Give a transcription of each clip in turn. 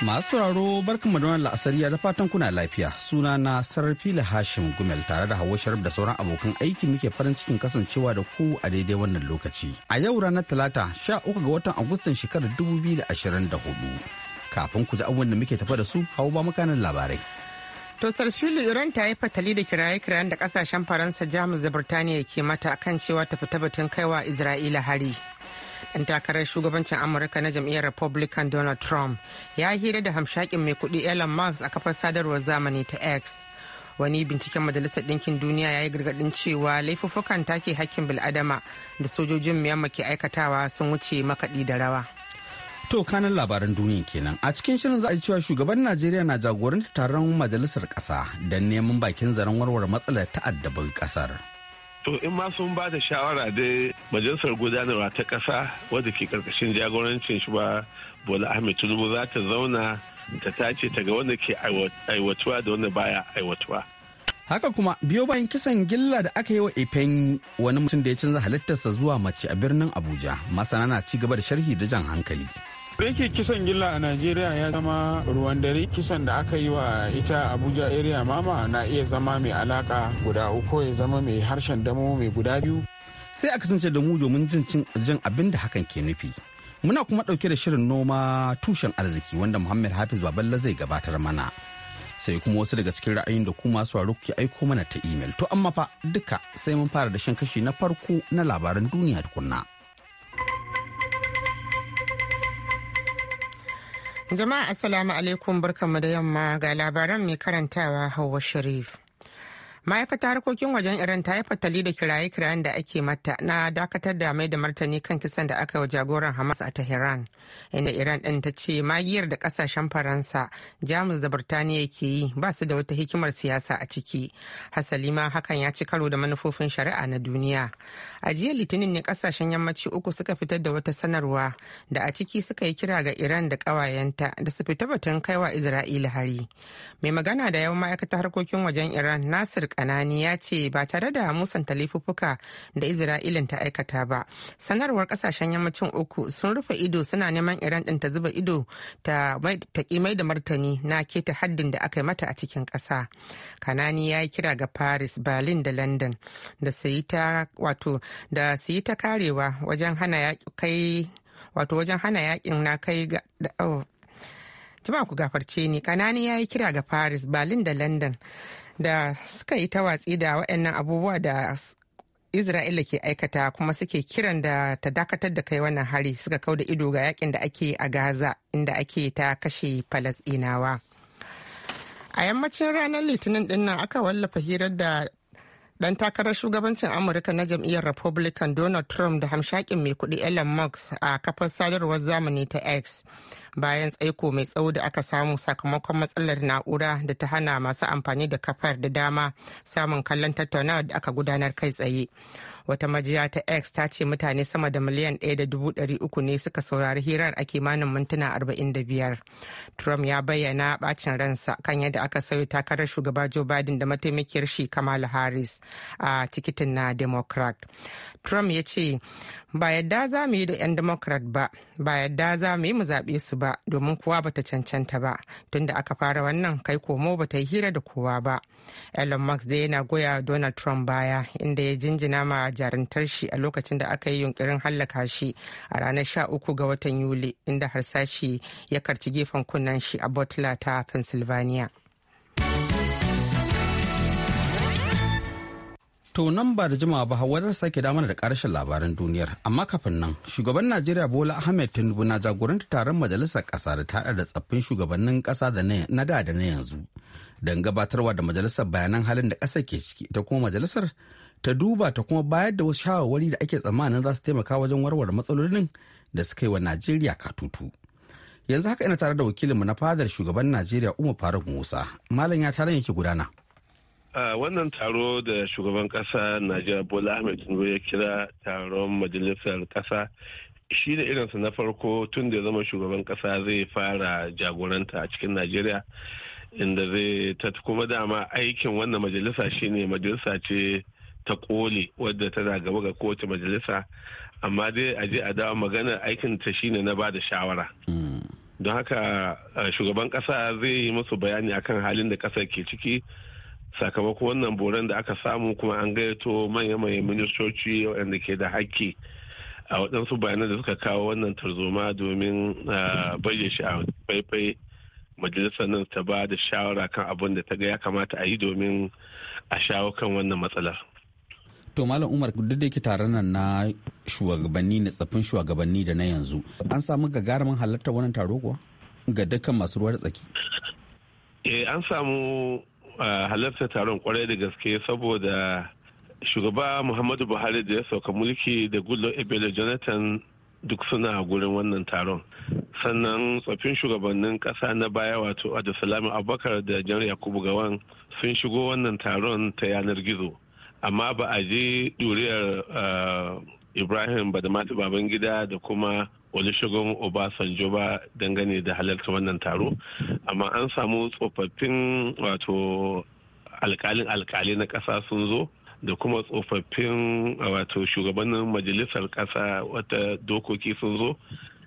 Masu sauraro barkan madonar la'asariya da fatan kuna lafiya suna na sarfila Hashim Gumel tare da hawa Sharif da sauran abokan aiki muke farin cikin kasancewa da ku a daidai wannan lokaci. A yau ranar Talata sha 13 ga watan Agustan shekarar hudu Kafin ku ji abubuwan da muke tafa da su hau ba makanan labarai. To sarfilu Iran ta yi fatali da kiraye-kirayen da kasashen Faransa, Jamus da Birtaniya ke mata kan cewa ta fita batun kaiwa Isra'ila hari. ɗan takarar shugabancin amurka na jam'iyyar republican donald trump ya hira da hamshakin mai kuɗi elon musk a kafar sadarwar zamani ta x wani binciken majalisar ɗinkin duniya ya yi gargaɗin cewa laifuffukan take hakkin bil'adama da sojojin myanmar ke aikatawa sun wuce makaɗi da rawa To kanan labaran duniya kenan a cikin shirin za a cewa shugaban Najeriya na jagorantar taron majalisar ƙasa don neman bakin zaren warware matsalar ta'addabin ƙasar. To in ma sun ba da shawara da majalisar gudanarwa ta kasa wadda ke karkashin jagorancin shi ba Bola Ahmed Tinubu za ta zauna ta tace ta ga wanda ke aiwatuwa da wanda baya aiwatuwa. Haka kuma biyo bayan kisan gilla da aka yi wa Ifen wani mutum da ya canza halittarsa zuwa mace a birnin Abuja masana na ci gaba da sharhi da jan hankali. da yake kisan gilla a najeriya ya zama ruwan dare kisan da aka yi wa ita abuja area mama na iya zama mai alaka guda uku ya zama mai harshen damo mai guda biyu sai a kasance da mu domin jin cin jin abin da hakan ke nufi muna kuma ɗauke da shirin noma tushen arziki wanda muhammad hafiz baballa zai gabatar mana sai kuma wasu daga cikin ra'ayin da kuma sauraro ke aiko mana ta imel to amma fa duka sai mun fara da shan kashi na farko na labaran duniya tukunna. Jama'a Assalamu alaikum barkanmu da yamma ga labaran mai karantawa Hauwa Sharif. Ma'aikata harkokin wajen Iran ta yi fatali da kiraye-kirayen da ake mata na dakatar da mai da martani kan kisan da aka yi wa jagoran Hamas a Tehran, inda Iran ɗin ta ce magiyar da ƙasashen Faransa, Jamus da Birtaniya ke yi ba su da wata hikimar siyasa a ciki. Hasali ma hakan ya ci karo da manufofin shari'a na duniya. a jiya litinin ne kasashen yammaci uku suka fitar da wata sanarwa da a ciki suka yi kira ga iran da kawayenta da su fita batun kaiwa isra'ila hari mai magana da yawan ma'aikatar harkokin wajen iran nasir kanani ya ce ba tare da musanta laifuffuka da isra'ilin ta aikata ba sanarwar kasashen yammacin uku sun rufe ido suna neman iran din ta zuba ido ta mai da martani na keta haddin da aka yi mata a cikin kasa kanani ya yi kira ga paris berlin da london da su yi ta wato da su yi ta karewa wajen hana kai wato wajen hana yakin na kai ga oh. jama'a ku gafarce ni kanani ya yi kira ga paris berlin da london da suka yi ta watsi da waɗannan abubuwa da isra'ila ke aikata kuma suke kiran da ta dakatar da kai wannan hari suka kau da ido ga yakin da ake a gaza inda ake ta kashe falasɗinawa. a yammacin ranar litinin dinnan aka wallafa hirar da Ɗan takarar shugabancin amurka na jam'iyyar republican donald trump da hamshakin mai kudi elon musk a kafar sadarwar zamani ta x bayan tsaiko mai tsawo da aka samu sakamakon matsalar na'ura da ta hana masu amfani da kafar da dama samun kallon tattaunawa da aka gudanar kai tsaye wata majiya ta x ta ce mutane sama da miliyan uku ne suka saurari hirar a kimanin mintuna 45 trump ya bayyana bacin ransa kan yadda aka sauya takarar shugaba joe biden da mataimakiyar shi kamala harris a tikitin na democrat trump ya ce ba yadda za mu yi da 'yan democrat ba ba yadda za mu yi mu zaɓe su ba domin kuwa bata cancanta ba tunda aka fara wannan kai komo bata yi hira da kowa ba elon musk dai yana goya donald trump baya inda ya jinjina ma jaruntar shi a lokacin da aka yi yunkurin hallaka shi a ranar sha uku ga watan yuli inda harsashi ya karci gefen kunnen shi a butler ta pennsylvania To nan ba da jimawa ba ta sake damar da karshen labaran duniyar amma kafin nan shugaban Najeriya Bola Ahmed Tinubu na jagoranta taron majalisar kasa da tada da tsaffin shugabannin kasa da na da da na yanzu don gabatarwa da majalisar bayanan halin da ƙasa ke ciki ta kuma majalisar ta duba ta kuma bayar da wasu shawarwari da ake tsammanin za su taimaka wajen warware matsalolin da suka yi wa Najeriya katutu. Yanzu haka ina tare da wakilinmu na fadar shugaban Najeriya Umar Faruk Musa. Malam ya taron yake gudana. wannan taro da shugaban kasa najeriya bola ahmed tinubu ya kira taron majalisar kasa shi da irinsa na farko tun da ya zama shugaban kasa zai fara jagoranta a cikin najeriya inda zai ta kuma dama aikin wannan majalisa shine majalisa ce ta kole wadda tana gaba ga kowace majalisa amma dai a je a dawo maganar aikin ta shine na ba da shawara mm. don haka shugaban kasa zai yi musu bayani akan halin da kasar ke ciki sakamakon wannan boran da aka samu kuma an gayyato manya-manyan ministoci waɗanda ke da haƙƙi a waɗansu bayanan da suka kawo wannan tarzoma domin ah, bayyana shi a faifai majalisar nan ta ba da shawara kan abin da ta ga ya kamata a yi domin a shawo kan wannan matsalar. To Malam Umar duk da yake taron nan na shugabanni na tsaffin shugabanni da na yanzu an samu gagarumin halartar wannan taro kuwa ga dukkan masu ruwa da tsaki. Eh an samu halarta taron kwarai da gaske saboda shugaba muhammadu buhari da ya sauka mulki da gullo ebele jonathan duk suna gurin wannan taron sannan tsoffin shugabannin kasa na baya wato adasalami abubakar da janar yakubu gawan sun shigo wannan taron ta yanar gizo amma ba a je duriyar eh, ibrahim da babangida da kuma shugaban obasanjo ba dangane da halarta wannan taro amma an samu tsofaffin wato alkalin alkali na ƙasa sun zo da kuma tsofaffin wato shugabannin majalisar ƙasa wata dokoki sun zo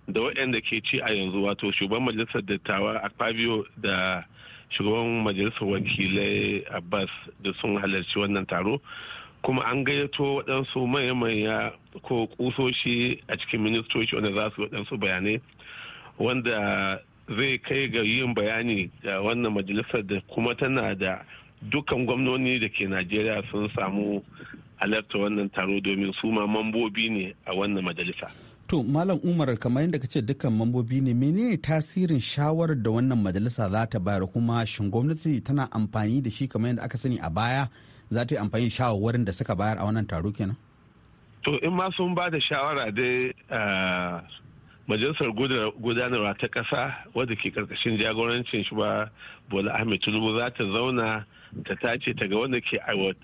da waɗanda ke ci a yanzu wato shugaban majalisar dattawa a fabio da shugaban majalisar wakilai abbas da sun halarci wannan taro kuma an gayyato waɗansu manya ko kusoshi a cikin ministoci wanda za su waɗansu bayanai wanda zai kai ga yin bayani da wannan majalisar da kuma tana da dukkan gwamnoni da ke najeriya sun samu halarta wannan taro domin su ma mambobi ne a wannan majalisa to malam umar kamar yadda kace dukkan mambobi ne menene tasirin shawarar da wannan majalisa za ta bayar kuma shin gwamnati tana amfani da shi kamar yadda aka sani a baya za ta yi amfani shawarwarin da suka bayar a wannan taro kenan to in ma sun ba da shawara dai majalisar gudanarwa ta ƙasa wadda ke karkashin jagorancin shi ba bola ahmed tinubu za ta zauna ta tace ta ga wanda ke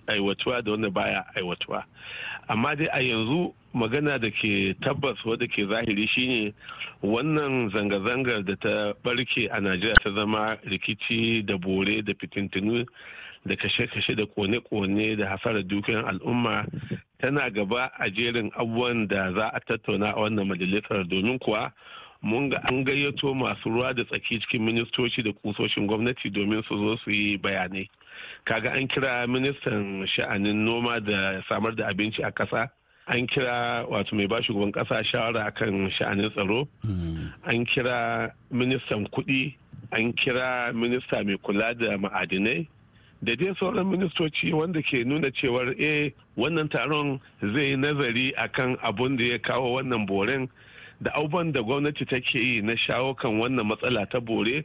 aiwatuwa da wanda baya aiwatuwa amma dai a yanzu magana da ke tabbas wadda ke zahiri shine wannan zanga-zangar da ta barke a najeriya ta zama rikici da bore da fitintinu da kashe-kashe da kone-kone da hasarar dukiyar al'umma tana gaba a jerin abubuwan da za a tattauna a wannan majalisar domin kuwa mun ga an gayyato masu ruwa da tsaki cikin ministoci da kusoshin gwamnati domin su zo su yi bayanai kaga an kira ministan sha'anin noma da samar da abinci a ƙasa an kira wato mai bashi shugaban ƙasa shawara kan sha'anin tsaro hmm. an kira ministan kuɗi an kira minista mai kula da ma'adinai da dai sauran ministoci wanda ke nuna cewar eh wannan taron zai nazari akan abun da ya kawo wannan boren da abubuwan da gwamnati take yi na shawo kan wannan matsala ta bore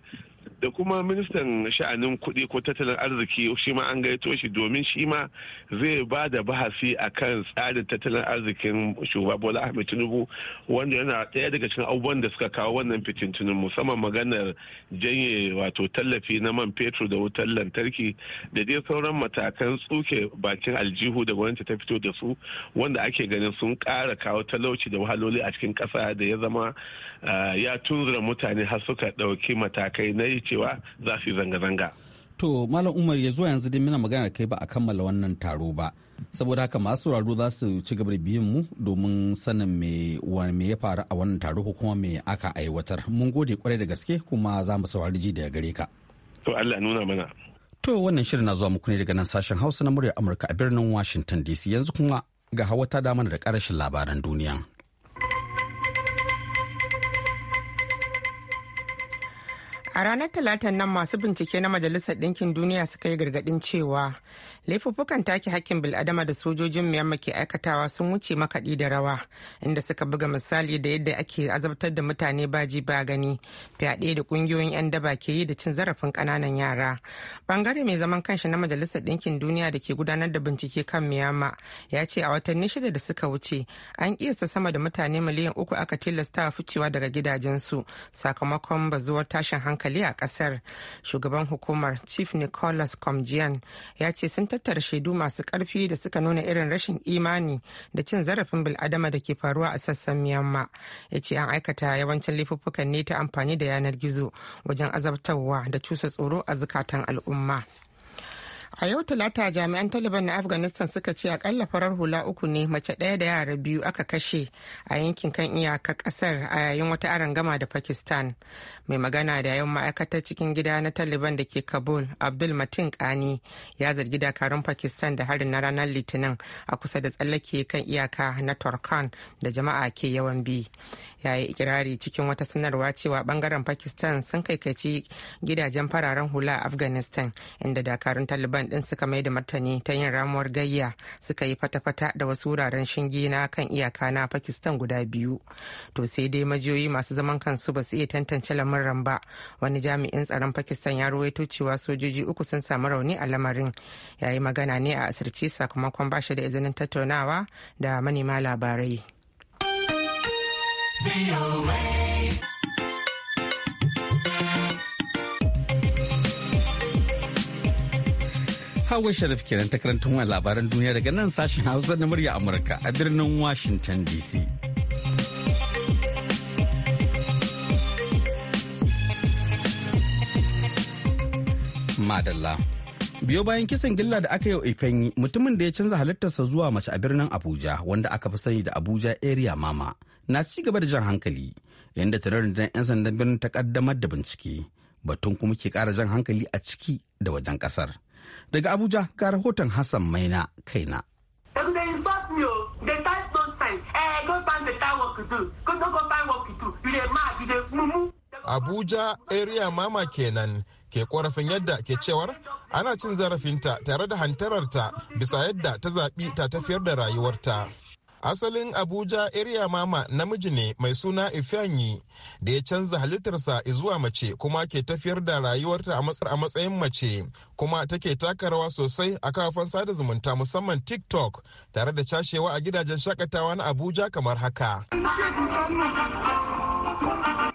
da kuma ministan sha'anin kuɗi ko tattalin arziki shi ma an gaito shi domin shi ma zai ba da bahasi a kan tsarin tattalin arzikin shugaba bola ahmed tinubu wanda yana ɗaya daga cikin abubuwan da suka kawo wannan fitintunin musamman maganar janye wato tallafi na man fetur da wutar lantarki da dai sauran matakan tsuke bakin aljihu da gwamnati ta fito da su wanda ake ganin sun kara kawo talauci da wahaloli a cikin kasa da ya zama ah, ya tunzura mutane har suka ɗauki matakai na cewa za su yi zanga-zanga. To Malam Umar ya zuwa yanzu dai muna magana kai ba a kammala wannan taro ba. Saboda haka masu sauraro za su ci gaba da biyan mu domin sanin me me ya faru a wannan taro ko kuma me aka aiwatar. Mun gode kwarai da gaske kuma za mu saurari ji daga gare ka. To Allah nuna mana. To wannan shirin na zuwa muku ne daga nan sashen Hausa na muryar Amurka a birnin Washington DC yanzu kuma ga hawa ta damar da karashin labaran duniya. A ranar Talatan nan masu bincike na Majalisar Ɗinkin Duniya suka yi gargaɗin cewa laifuffukan take hakkin bil'adama da sojojin Myanmar ke aikatawa sun wuce makaɗi da rawa inda suka buga misali da yadda ake azabtar da mutane baji ba gani fyaɗe da ƙungiyoyin 'yan daba ke yi da cin zarafin ƙananan yara. Bangare mai zaman kanshi na Majalisar Ɗinkin Duniya da ke gudanar da bincike kan Myanmar ya ce a watanni shida da suka wuce an kiyasta sama da mutane miliyan uku aka tilasta ficewa daga gidajensu sakamakon bazuwar tashin hankali hankali a kasar shugaban hukumar chief nicholas comjian ya ce sun tattara shaidu masu karfi da suka nuna irin rashin imani da cin zarafin bil'adama da ke faruwa a sassan myanmar ya ce an aikata yawancin laifuffukan ne ta amfani da yanar gizo wajen azabtarwa da cusa tsoro a zukatan al'umma. a yau talata jami'an taliban na afghanistan suka ce akalla farar hula uku ne mace ɗaya da yara biyu aka kashe a yankin kan iyaka ƙasar a yayin wata gama da pakistan mai magana da yawan ma'aikatar cikin gida na taliban da ke kabul abdul matin kani ya zargi dakarun pakistan da harin na ranar litinin a kusa da tsallake kan iyaka na turkan da jama'a ke yawan bi ya yi ikirari cikin wata sanarwa cewa bangaren pakistan sun kaikaci gidajen fararen hula a afghanistan inda dakarun taliban din suka mai da martani ta yin ramuwar gayya suka yi fata-fata da wasu wuraren shinge na kan iyaka na pakistan guda biyu to sai dai majiyoyi masu zaman kansu ba su iya tantance lamarin ba wani jami'in tsaron pakistan ya ruwaito cewa sojoji uku sun samu rauni a lamarin ya yi magana ne a asirce sakamakon ba shi da izinin tattaunawa da manema labarai Hawa Sharif kenan ta karanta wani labaran duniya daga nan sashen Hausa na murya Amurka a birnin Washington DC. Madalla. Biyo bayan kisan gilla da aka yi Ifanyi mutumin da ya canza halittarsa zuwa mace a birnin Abuja wanda aka fi sani da Abuja Area Mama na ci gaba da jan hankali inda da 'yan sandan birnin ta kaddamar da bincike batun kuma ke kara jan hankali a ciki da wajen kasar daga abuja ga rahoton hassan maina kaina eh, abuja area mama kenan ke korafin yadda ke cewar ana cin zarafinta tare da hantararta bisa yadda ta zaɓi ta tafiyar da rayuwarta asalin abuja area mama namiji ne mai suna ifeanyi da ya canza halittarsa zuwa mace kuma ke tafiyar da rayuwarta a matsayin mace kuma take taka rawa sosai a kafafen sada zumunta musamman tiktok tare da cashewa a gidajen shakatawa na abuja kamar haka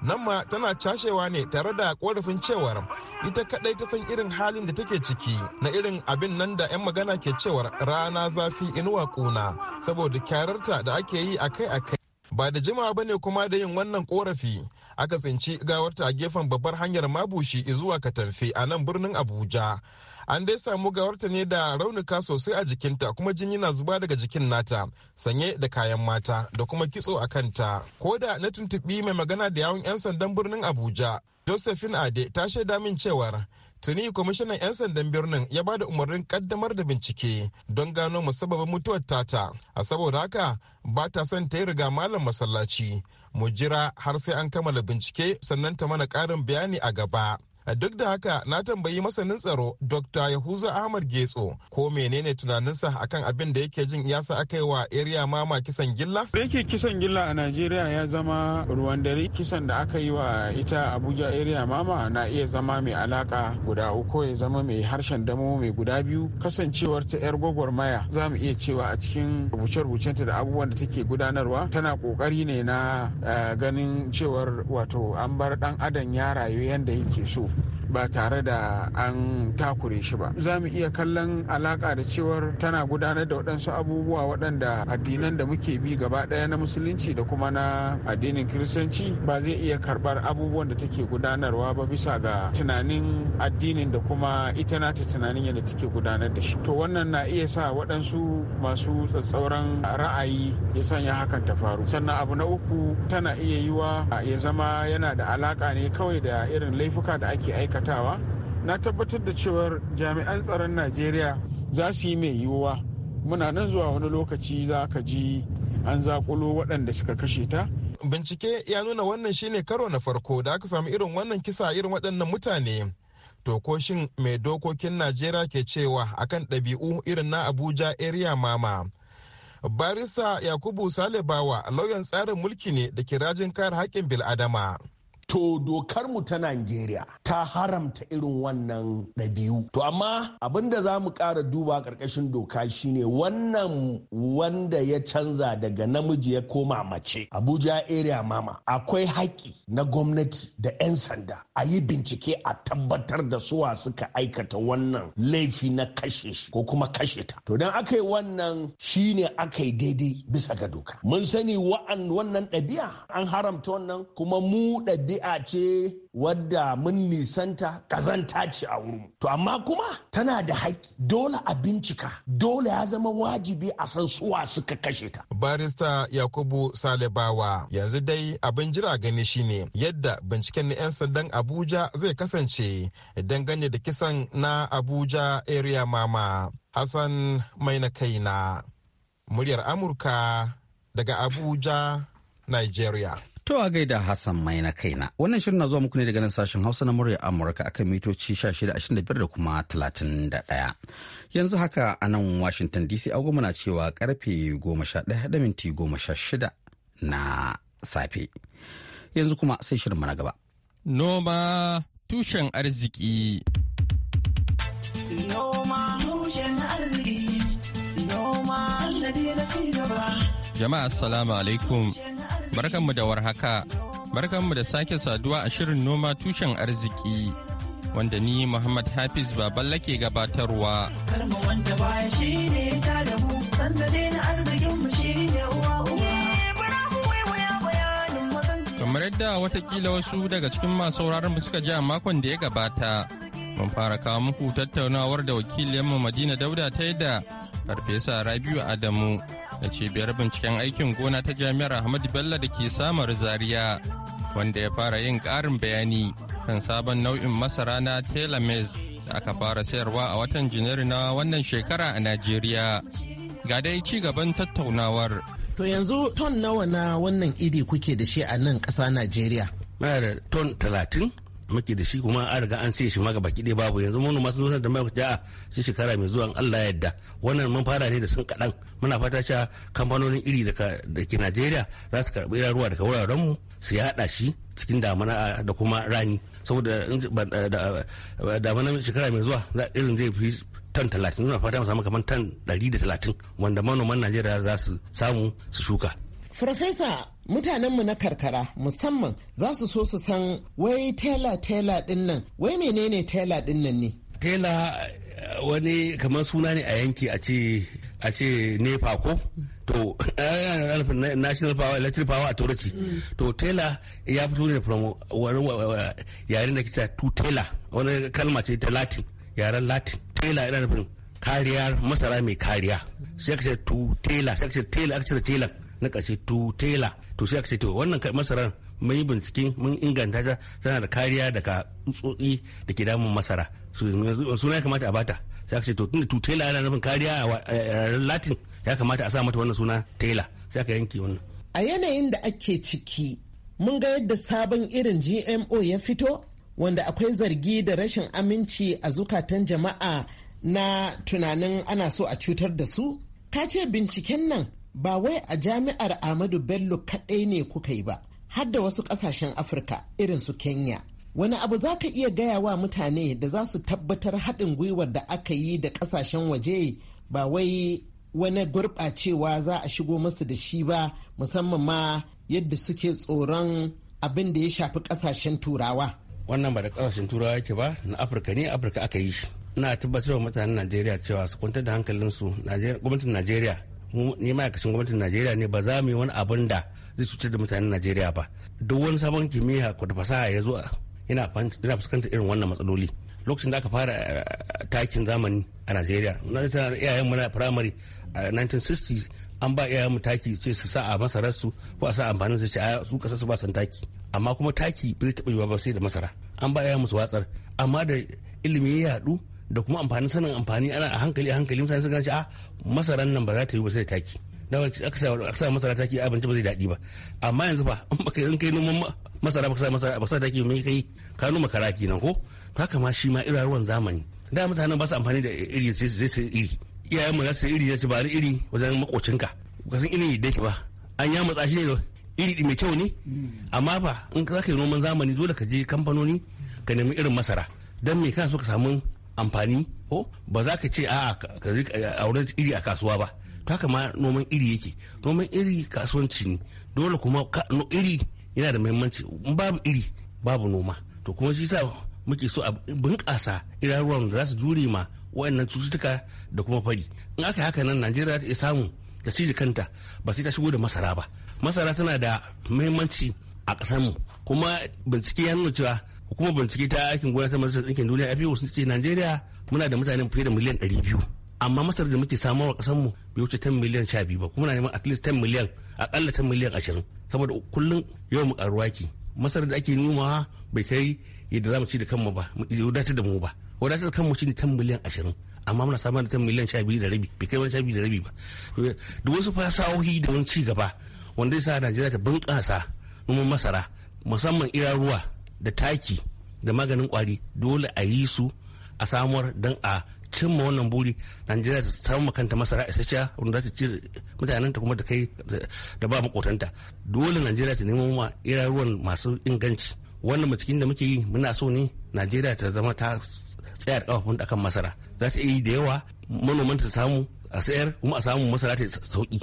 nan ma tana cashewa ne tare da korafin cewar ita kadai ta san irin halin da take ciki na irin abin nan da 'yan magana ke cewar rana zafi inuwa kuna saboda kyararta da ake yi akai-akai ba da jimawa ne kuma da yin wannan korafi aka tsinci gawarta a gefen babbar hanyar mabushi zuwa katamfe a nan birnin abuja an dai samu gawarta ne da raunuka sosai a jikinta kuma jini na zuba daga jikin nata sanye da kayan mata da kuma kitso a kanta ko da na tuntubi mai magana da yawon 'yan sandan birnin abuja josephine ade ta shaida min cewar tuni kwamishinan 'yan sandan birnin ya ba da umarnin kaddamar da bincike don gano musabbabin mutuwar tata a saboda haka ba ta son ta yi riga malam masallaci mu jira har sai an kammala bincike sannan ta mana karin bayani a gaba duk da haka na tambayi masanin tsaro dr yahuza ahmad getso ko menene tunaninsa akan abin da yake jin yasa aka yi wa area mama kisan gilla da yake kisan gilla a najeriya ya zama ruwan dare kisan da aka yi wa ita abuja area mama na iya zama mai alaka guda uku ya zama mai harshen damo mai guda biyu kasancewar ta yar gwagwarmaya za mu iya cewa a cikin rubuce-rubucenta da abubuwan da take gudanarwa tana kokari ne na eh, ganin cewar wato an bar dan adam ya rayu yadda yake so ba tare da an takure shi ba za mu iya kallon alaka da cewar tana gudanar da waɗansu abubuwa waɗanda addinan da muke bi gaba ɗaya na musulunci da kuma na addinin kiristanci ba zai iya karɓar abubuwan da take gudanarwa ba bisa ga tunanin addinin da kuma ita nata tunanin yadda take gudanar da shi to wannan na iya sa waɗansu masu tsatsauran ra'ayi ya sanya hakan ta faru sannan abu na uku tana iya yiwa ya zama yana da alaka ne kawai da irin laifuka da ake aika. dakatawa na tabbatar da cewar jami'an tsaron najeriya za su yi mai yiwuwa muna nan zuwa wani lokaci za ka ji an zakulo waɗanda suka kashe ta bincike ya nuna wannan shine karo na farko da aka samu irin wannan kisa irin waɗannan mutane tokoshin mai dokokin najeriya ke cewa akan ɗabi'u irin na abuja area mama barisa yakubu salibawa lauyan tsarin mulki ne da kirajin kare haƙƙin bil'adama to dokar mu ta Najeriya ta haramta irin wannan ɗabi'u to amma abin da za mu ƙara duba ƙarƙashin doka shine wannan wanda ya canza daga namiji ya koma mace Abuja area mama akwai haƙƙi na gwamnati da 'yan sanda a yi bincike a tabbatar da suwa suka aikata wannan laifi na kashe shi ko kuma kashe ta to don aka yi wannan shine aka yi daidai bisa ga doka mun sani wa'an wannan ɗabi'a an haramta wannan kuma mu ɗabi'a ɗabi'a ce wadda mun nisanta kazanta ce a wurin. To amma kuma tana da haƙƙi dole a bincika dole ya zama wajibi a san suwa suka kashe ta. Barista Yakubu Salibawa yanzu dai abin jira gani shine yadda binciken na 'yan sandan Abuja zai kasance dangane da kisan na Abuja area mama Hassan kai na Muryar Amurka daga Abuja, Nigeria. To a gaida Hassan mai na kaina. Wannan shirin na zuwa muku ne daga nan sashen Hausa na murya Amurka akan mitoci 1625 da kuma 31. Yanzu haka a nan Washington DC agoma na cewa karfe 11 da minti 16 na safe. Yanzu kuma sai shirin na gaba. Noma tushen arziki. Noma tushen arziki. Noma na ci gaba. Jama'a assalamu alaikum. Barkanmu da warhaka. Barkanmu da sake saduwa a shirin noma tushen arziki. Wanda ni Muhammad Hafiz baban lake gabatarwa. Eh, Kamar yadda watakila wasu daga cikin masu mu suka ji a makon da ya gabata, mun fara kawo muku tattaunawar da mu Madina Dauda ta yi da Farfesa Rabiu Adamu da cibiyar binciken aikin gona ta jami'ar Ahmadu Bello da ke samar Zariya wanda ya fara yin ƙarin bayani kan sabon nau'in masara na telemes da aka fara sayarwa a watan Janairu na wannan shekara a Najeriya. Ga dai ci gaban tattaunawar. To yanzu ton nawa na wannan iri kuke da shi a nan ƙasa Najeriya? Muna ton talatin muke da shi kuma an riga an ce shi ma ga baki ɗaya babu yanzu mun masu nuna da mai a sai shekara mai zuwa Allah ya yarda wannan mun fara ne da sun kaɗan muna fata cewa kamfanonin iri da ke Najeriya za su karɓi ruwa daga wuraren mu su haɗa shi cikin damana da kuma rani saboda damana shekara mai zuwa irin zai fi tan talatin muna fata mu samu kamar tan ɗari da talatin wanda manoman Najeriya za su samu su shuka. Farfesa mutanenmu na karkara musamman za su so su san wai tela tela din nan wai menene tela din nan ne? Tela eh, wani kamar suna ne a yanki a ce nepa ko to eh, national power electric power authority to tela ya fito ne from wani yare da kisa to tela wani kalma ce ta latin yaren latin tela yana nufin kariya masara mai kariya sai ka ce tela sai ka ce tela aka ce tela na ƙarshe tutela to sai aka ce to wannan masarar mun yi bincike mun inganta ta tana da kariya daga tsotsi da ke damun masara suna ya kamata a bata sai aka ce to tunda tutela yana nufin kariya a latin ya kamata a sa mata wannan suna tela sai aka yanke wannan a yanayin da ake ciki mun ga yadda sabon irin gmo ya fito wanda akwai zargi da rashin aminci a zukatan jama'a na tunanin ana so a cutar da su ka ce binciken nan ba wai a jami'ar Ahmadu Bello kaɗai ne kuka yi ba, har da wasu ƙasashen Afirka irin su Kenya. Wani abu za ka iya gaya wa mutane da za su tabbatar haɗin gwiwar da aka yi da ƙasashen waje ba wai wani gurɓacewa za a shigo masu da shi ba musamman ma yadda suke tsoron abin da ya shafi ƙasashen turawa. Wannan ba da ƙasashen turawa yake ba na Afirka ne Afirka aka yi shi. Na tabbatar wa mutanen Najeriya cewa su kwantar da hankalinsu gwamnatin Najeriya ni ma'aikacin gwamnatin najeriya ne ba za mu yi wani abun da zai cutar da mutanen najeriya ba duk wani sabon kimiyya ko da fasaha ya zo yana fuskantar irin wannan matsaloli lokacin da aka fara eh, takin zamani a najeriya na zai tana iyayen mu na firamare a 1960 an ba iyayen mu taki ce su sa a masarar su ko a sa amfanin su ce a su kasa su ba san taki amma kuma taki bai taɓa yiwa ba sai da masara an ba iyayen mu su watsar amma da ilimi ya yaɗu. da kuma amfanin sanin amfani ana a hankali a hankali mutane sun gane a ah, masaran nan ba za ta yi ba sai taki dan aka sa masara taki abinci ba zai daɗi ba amma yanzu ba in baka in kai noman masara baka sa masara baka sa taki mai kai ka noma kara kenan ko haka ma shi ma ruwan zamani da mutanen ba su amfani da iri sai sai iri iyayen mu su iri nasu ba iri wajen makocinka ka san iri da ba an ya matsa shi ne iri mai kyau ne amma fa in ka yi noman zamani dole ka je kamfanoni ka nemi irin masara don me kana so ka samu amfani ko ba za ka ce a eh, auren iri a kasuwa ba to haka ma noman iri yake noman iri kasuwanci ne dole kuma iri yana da muhimmanci babu iri babu noma to kuma shi sa muke so a bunƙasa iraruwan da za su jure ma wayannan cututtuka da kuma fari in aka haka nan najeriya ta iya samu ta cije kanta ba sai ta shigo da masara ba masara tana da muhimmanci a ƙasarmu kuma bincike ya nuna cewa hukumar bincike ta aikin gwamnati majalisar ɗinkin duniya fao e sun ce najeriya muna da mutane fiye da miliyan ɗari biyu amma masar da muke samarwa ƙasarmu bai wuce 10 miliyan 12 ba kuma na neman atleast least 10 miliyan aƙalla 10 miliyan 20 saboda kullum yau mu karuwa ki masar da ake nomawa bai kai yadda mu ci da kanmu ba wadatar da mu ba wadatar kanmu ne 10 miliyan 20 amma muna samar da 10 miliyan 12 da rabi bai kai wani 12 da rabi ba da wasu fasahohi da wani ci gaba wanda ya sa Najeriya ta bunƙasa noman masara musamman ira ruwa da taki da maganin kwari dole a yi su a samuwar don a cimma wannan buri najeriya ta samu kanta masara isasshiya wanda za ta ci mutanen ta kuma da kai da ba makotanta dole najeriya ta nemo ma ruwan masu inganci wannan cikin da muke yi muna so ne najeriya ta zama ta tsayar kafafun akan masara za ta yi da yawa manoman ta samu a sayar kuma a samu masara ta sauki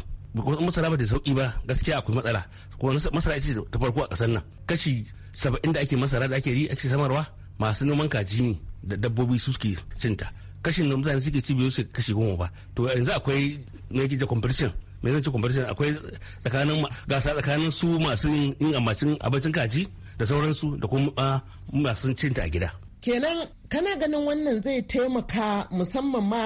masara ba ta sauki ba gaskiya akwai matsala kuma masara ita ta farko a kasar nan kashi saba'in da ake masara da ake yi ake samarwa masu noman kaji ne da dabbobi suke cinta kashin da mutane suke ci biyu su kashi goma ba to yanzu akwai na gida competition zan ci competition akwai tsakanin gasa tsakanin su masu yin amacin abincin kaji da sauransu da kuma ah, masu cinta a gida kenan kana ganin wannan zai taimaka musamman ma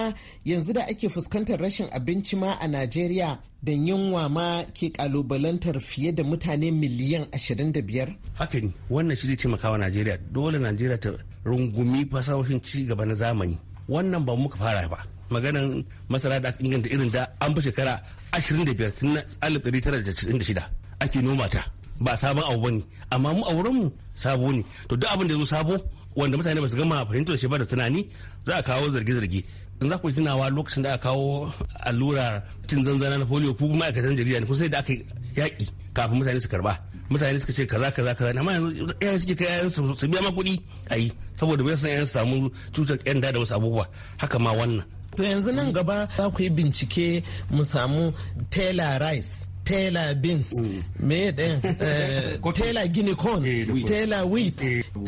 yanzu da ake fuskantar rashin abinci ma a najeriya da yunwa ma ke kalubalantar fiye da mutane miliyan 25 haka ne wannan shi zai taimaka wa najeriya dole najeriya ta rungumi fasahohin ci gaba na zamani wannan ba muka fara ba maganan masara da aka inganta irin da an fi shekara 25 tun 1996 ake noma ta ba sabon abu ba ne amma mu a wurinmu sabo ne to duk abin da zo sabo wanda mutane ba su gama fahimtar shi ba da tunani za a kawo zarge-zarge in za ku tunawa lokacin da aka kawo allura cin zanzana na polio ko kuma aikatan jarida ne kusa da aka yaƙi kafin mutane su karba mutane suka ce kaza kaza kaza amma yanzu yayan suke kai yayan su su biya ma kuɗi ayi saboda bai san yayan su samu cutar yan da wasu abubuwa haka ma wannan to yanzu nan gaba za ku yi bincike mu samu taylor rice tela beans mm. me ɗin eh, eh, tela guinea corn eh, tela wheat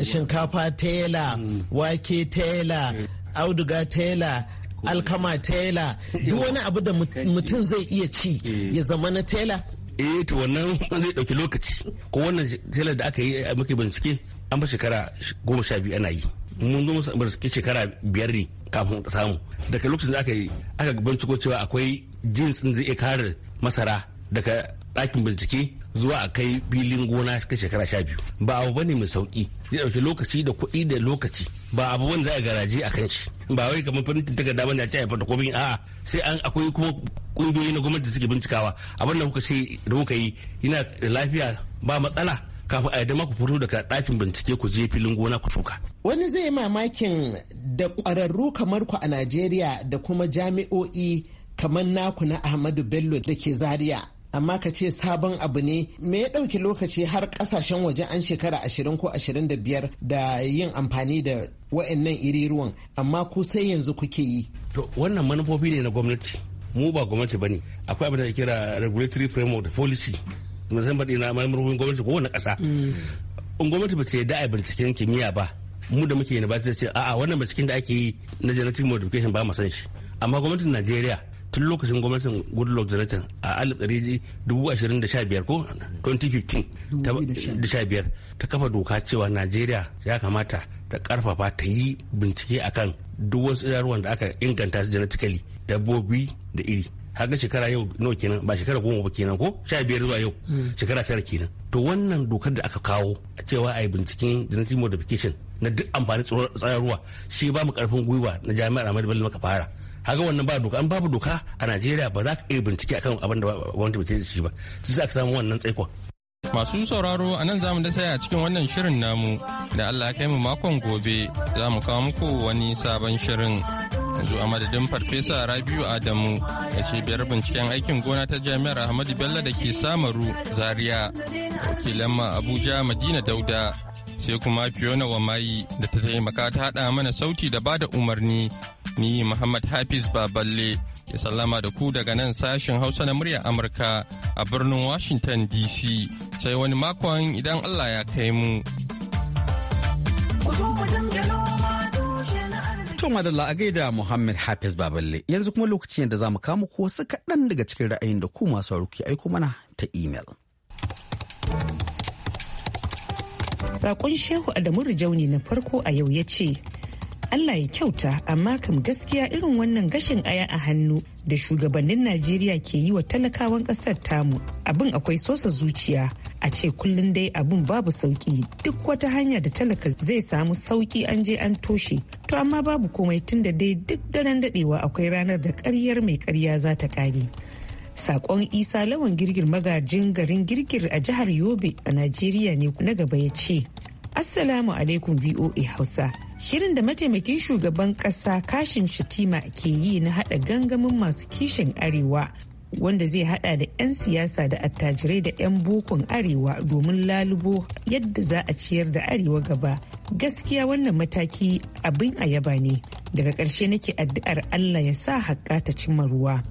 shinkafa tela mm. wake tela auduga tela alkama tela duk wani abu da mutum zai iya ci ya zama na tela eh to wannan zai dauki lokaci ko wannan tela da aka yi a muke bincike an ba shekara goma sha biyu ana yi mun zo musamman suke shekara biyar ne kafin samu daga lokacin da aka yi aka binciko cewa akwai jins zai iya kare masara daga ɗakin bincike zuwa a kai filin gona ka shekara sha biyu ba abu bane mai sauki zai ɗauki lokaci da kuɗi da lokaci ba abu wanda za a garaje a kan shi ba wai kamar ta takarda bane a ce a fata komai a'a sai an akwai kuma kungiyoyi na gwamnati suke bincikawa abin da kuka ce da kuka yi yana da lafiya ba matsala kafin a yadda ku fito daga ɗakin bincike ku je filin gona ku shuka. Wani zai mamakin da ƙwararru kamar ku a Najeriya da kuma jami'o'i kamar naku na Ahmadu Bello da ke Zaria amma ka ce sabon abu ne me ya ɗauki lokaci har ƙasashen waje an shekara ashirin ko ashirin da biyar da yin amfani da wa'annan iri ruwan amma ku sai yanzu kuke yi. To wannan manufofi ne na gwamnati mu ba gwamnati ba ne akwai abin da kira regulatory framework policy musamman ina marmarin gwamnati ko wani ƙasa. Mm. In gwamnati ba ta yi a binciken kimiyya ba mu da muke ba ta ce a'a wannan binciken da ake yi na genetic modification ba mu san shi amma gwamnatin Najeriya tun lokacin gwamnatin goodluck jonathan a 2015 ko 2015 ta kafa doka cewa najeriya ya kamata ta karfafa ta yi bincike akan duk wasu idaruwan da aka inganta su genetically dabbobi da iri haka shekara yau nawa kenan ba shekara goma ba kenan ko sha biyar zuwa yau hmm. shekara tara kenan to wannan dokar da aka kawo cewa a yi binciken genetic modification na duk amfani tsayarwa shi ba mu karfin gwiwa na jami'ar ahmadu bello maka fara haka wannan ba doka an babu doka a najeriya ba za ka iya bincike akan abin da wanda bai shi ba su za ka samu wannan tsaikon masu sauraro a nan zamu da saya a cikin wannan shirin namu da allah ya kai mu makon gobe za mu kawo muku wani sabon shirin yanzu a madadin farfesa rabiu adamu da cibiyar binciken aikin gona ta jami'ar ahmadu bello da ke samaru zaria wakilan ma abuja madina dauda sai kuma Fiona Wamayi da ta taimaka ta haɗa mana sauti da bada umarni. Ni Muhammad Hafiz Baballe ya sallama da ku daga nan sashen Hausa na muryar Amurka a birnin Washington DC sai wani makon idan Allah ya kai mu. To madalla a gaida Muhammad Hafiz Baballe yanzu kuma lokaci da za mu kama ko su kaɗan daga cikin ra'ayin da ku masu ke aiko mana ta imel. Sakon Shehu Adamu rijauni na farko a yau ya ce, Allah ya kyauta amma kam gaskiya irin wannan gashin aya a hannu da shugabannin Najeriya ke yi wa talakawan kasar tamu abin akwai sosa zuciya a ce kullum dai abin babu sauki duk wata hanya da talaka zai samu sauki an je an toshe to amma babu komai tunda dai duk daren dadewa akwai ranar da karyar mai ƙarya za ta kare sakon isa lawan girgir magajin garin girgir a jihar yobe a najeriya ne na gaba ya ce Assalamu alaikum VOA Hausa. Shirin da mataimakin shugaban kasa kashin shitima ke yi na haɗa gangamin masu kishin Arewa wanda zai hada da 'yan siyasa da attajirai da 'yan bokon arewa domin lalubo yadda za a ciyar da arewa gaba gaskiya wannan mataki abin a yaba ne daga ƙarshe nake addu'ar allah ya sa haƙƙa ta cimma ruwa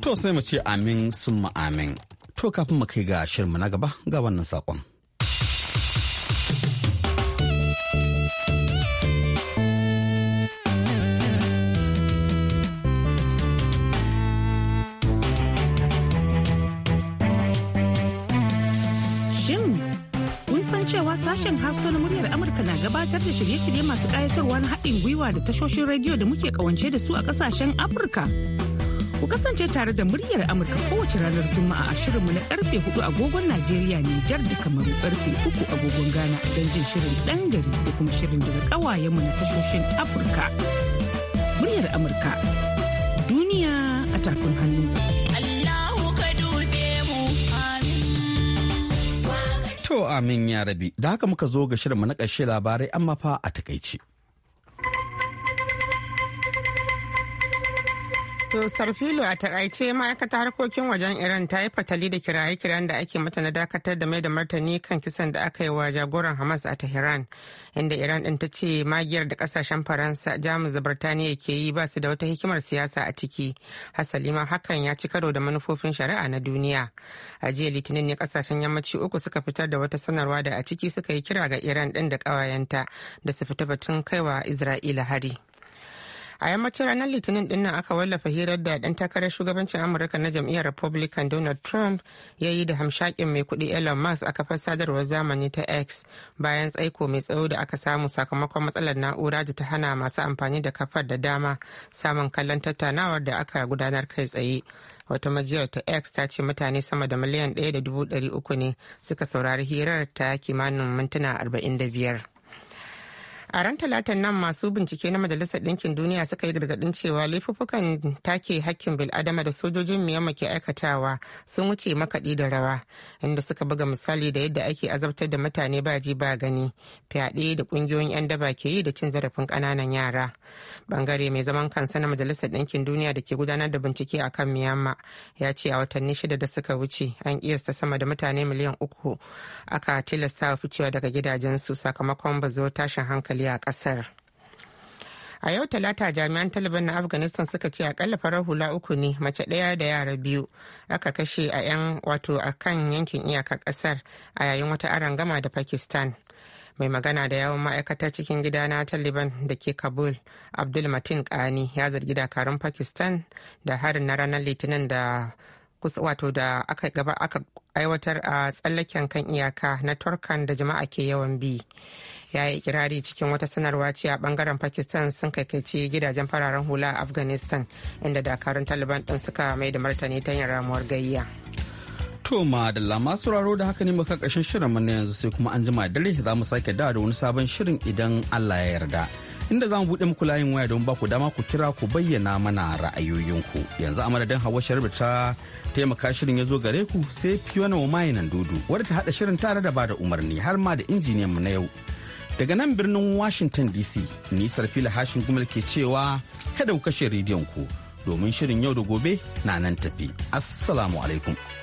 to sai mu ce amin sun amin To kafin mu kai ga shirinmu na gaba ga wannan saƙon. cewa sashen hausa na muryar amurka na gabatar da shirye-shirye masu ƙayatarwa na haɗin gwiwa da tashoshin rediyo da muke ƙawance da su a ƙasashen afirka Ku kasance tare da muryar Amurka kowace ranar Juma'a a shirinmu na karfe 4 agogon Najeriya ne jar da Kamaru karfe 3 agogon Ghana don jin shirin ɗan gari da kuma shirin daga ƙawayenmu na tashoshin Afirka. Muryar Amurka duniya a takun hannu. To amin ya rabi, da haka muka zo ga mu na ƙarshe labarai amma fa a takaici. To Sarfilo a takaice ma'aikatar harkokin wajen Iran ta yi fatali da kiraye-kiran da ake mata na dakatar da mai da martani kan kisan da aka yi wa jagoran Hamas a Tehran, inda Iran din ta ce magiyar da kasashen Faransa, Jamus da Birtaniya ke yi ba su da wata hikimar siyasa a ciki. Hasali ma hakan ya ci karo da manufofin shari'a na duniya. A jiya Litinin ne kasashen yammaci uku suka fitar da wata sanarwa da a ciki suka yi kira ga Iran din da kawayenta da su fita batun kaiwa Isra'ila hari. a yammacin ranar litinin din nan aka wallafa hirar da dan takarar shugabancin amurka na jam'iyyar republican donald trump ya yi da hamshakin mai kudi elon musk a kafar sadarwar zamani ta x bayan tsaiko mai tsawo da aka samu sakamakon matsalar na'ura da ta hana masu amfani da kafar da dama samun kallon tattaunawar da aka gudanar kai tsaye wata majiyar ta x ta ce mutane sama da miliyan 1.300 ne suka saurari hirar ta kimanin mintuna 45 a ran talatan nan masu bincike na majalisar ɗinkin duniya suka yi gargaɗin cewa laifuffukan take hakkin bil'adama da sojojin miyamma ke aikatawa sun wuce makaɗi da rawa inda suka buga misali da yadda ake azabtar da mutane ba ji ba gani fyaɗe da ƙungiyoyin 'yan daba ke yi da cin zarafin ƙananan yara bangare mai zaman kansa na majalisar ɗinkin duniya da ke gudanar da bincike a kan miyamma ya ce a watanni shida da suka wuce an kiyasta sama da mutane miliyan uku aka tilasta ficewa daga gidajensu sakamakon bazo tashin hankali hankali a kasar a yau talata jami'an taliban na afghanistan suka ce akalla farar hula uku ne mace ɗaya da yara biyu aka kashe a yan wato a kan yankin iyaka kasar a yayin wata gama da pakistan mai magana da yawon ma'aikatar cikin gida na taliban da ke kabul abdul matin kani ya zargi dakarun pakistan da harin na ranar litinin da kusa wato da aka gaba aka aiwatar a tsallaken kan iyaka na turkan da jama'a ke yawan bi ya yi kirari cikin wata sanarwa cewa bangaren pakistan sun kaikaici gidajen fararen hula a afghanistan inda dakarun taliban din suka mai da martani ta yin ramuwar gayya to madalla masu raro da haka ne muka kashin shirin mu yanzu sai kuma an jima dare za mu sake da wani sabon shirin idan allah ya yarda inda za mu buɗe muku layin waya don ba ku dama ku kira ku bayyana mana ra'ayoyinku yanzu a madadin hawa sharbi ta taimaka shirin ya zo gare ku sai na wa mayinan dudu wadda ta haɗa shirin tare da bada umarni har ma da injiniyan mu na yau Daga nan birnin Washington DC, nisar fila hashin gumal ke cewa kada ku kashe rediyon ku domin shirin yau da gobe na nan tafi. Assalamu alaikum.